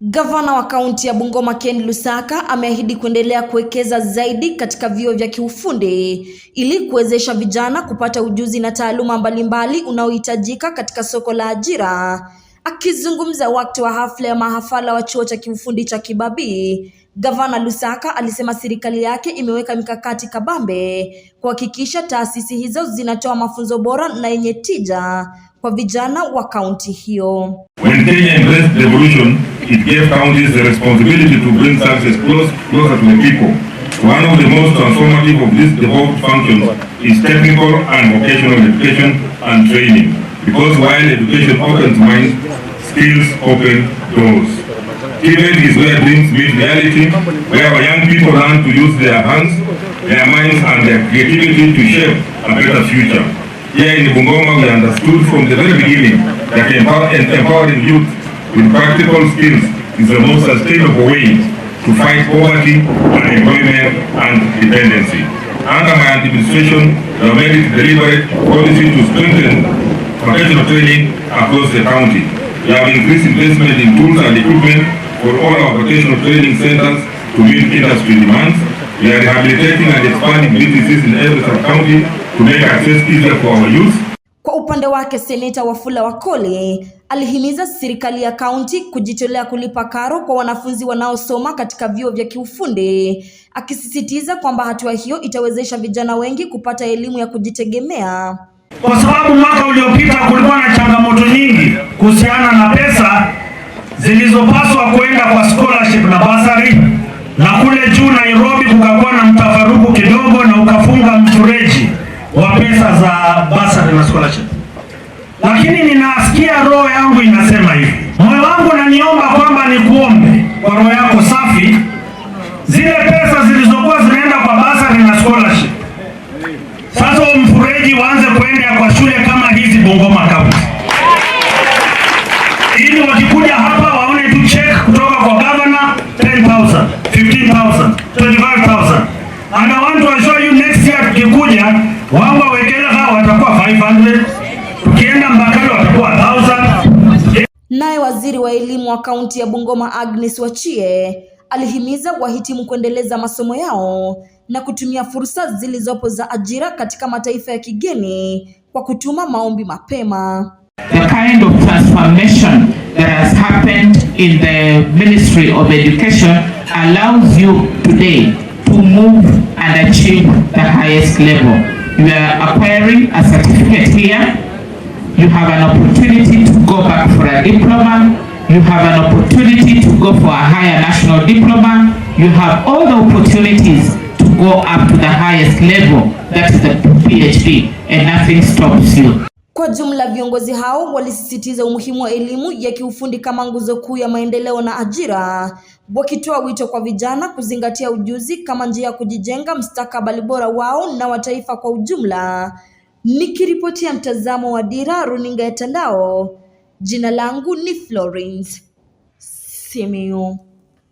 Gavana wa kaunti ya Bungoma Ken Lusaka ameahidi kuendelea kuwekeza zaidi katika vyuo vya kiufundi ili kuwezesha vijana kupata ujuzi na taaluma mbalimbali unaohitajika katika soko la ajira. Akizungumza wakati wa hafla ya mahafala wa chuo cha kiufundi cha Kibabii Gavana Lusaka alisema serikali yake imeweka mikakati kabambe kuhakikisha taasisi hizo zinatoa mafunzo bora na yenye tija kwa vijana wa kaunti hiyo. When Kenya embraced devolution, it gave counties the responsibility to bring services close, closer to the people. One of the most transformative of these devolved functions is technical and vocational education and training because while education opens minds Skills open doors. Even is where dreams meet reality, where our young people learn to use their hands, their minds and their creativity to shape a better future. Here in Bungoma, we understood from the very beginning that empowering, empowering youth with practical skills is the most sustainable way to fight poverty, unemployment, and dependency. Under my administration, the very deliberate policy to strengthen professional training across the county. We have increased investment in tools and equipment for all our vocational training centers to meet industry demands. We are rehabilitating and expanding businesses in every sub-county to make access easier for our youth. Kwa upande wake, Seneta Wafula Wakoli alihimiza serikali ya kaunti kujitolea kulipa karo kwa wanafunzi wanaosoma katika vyuo vya kiufundi, akisisitiza kwamba hatua hiyo itawezesha vijana wengi kupata elimu ya kujitegemea kwa sababu mwaka uliopita kulikuwa na changamoto nyingi kuhusiana na pesa zilizopaswa kwenda kwa scholarship na basari, na kule juu Nairobi kukakuwa na mtafaruku kidogo, na ukafunga mfereji wa pesa za basari na scholarship. Lakini ninasikia roho yangu inasema hivi, moyo wangu naniomba kwamba nikuombe kwa roho yako safi, zile pesa zilizo Ngoma kabla, ili wakikuja hapa waone tu check kutoka kwa governor 10000, 15000, 25000 and I want to assure you next year tukikuja wamba wekela watakuwa 500, Naye waziri wa elimu wa kaunti ya Bungoma Agnes Wachie alihimiza wahitimu kuendeleza masomo yao na kutumia fursa zilizopo za ajira katika mataifa ya kigeni kwa kutuma maombi mapema. The kind of transformation that has happened in the Ministry of Education allows you today to move and achieve the highest level. You are acquiring a certificate here. You have an opportunity to go back for a diploma. You have an opportunity to go for a higher national diploma. You have all the opportunities go up to the highest level that's the PhD and nothing stops you. Kwa jumla viongozi hao walisisitiza umuhimu wa elimu ya kiufundi kama nguzo kuu ya maendeleo na ajira, wakitoa wito kwa vijana kuzingatia ujuzi kama njia ya kujijenga mstakabali bora wao na wa taifa kwa ujumla. Nikiripotia mtazamo wa Dira runinga ya Tandao, jina langu ni Florence Simiyu.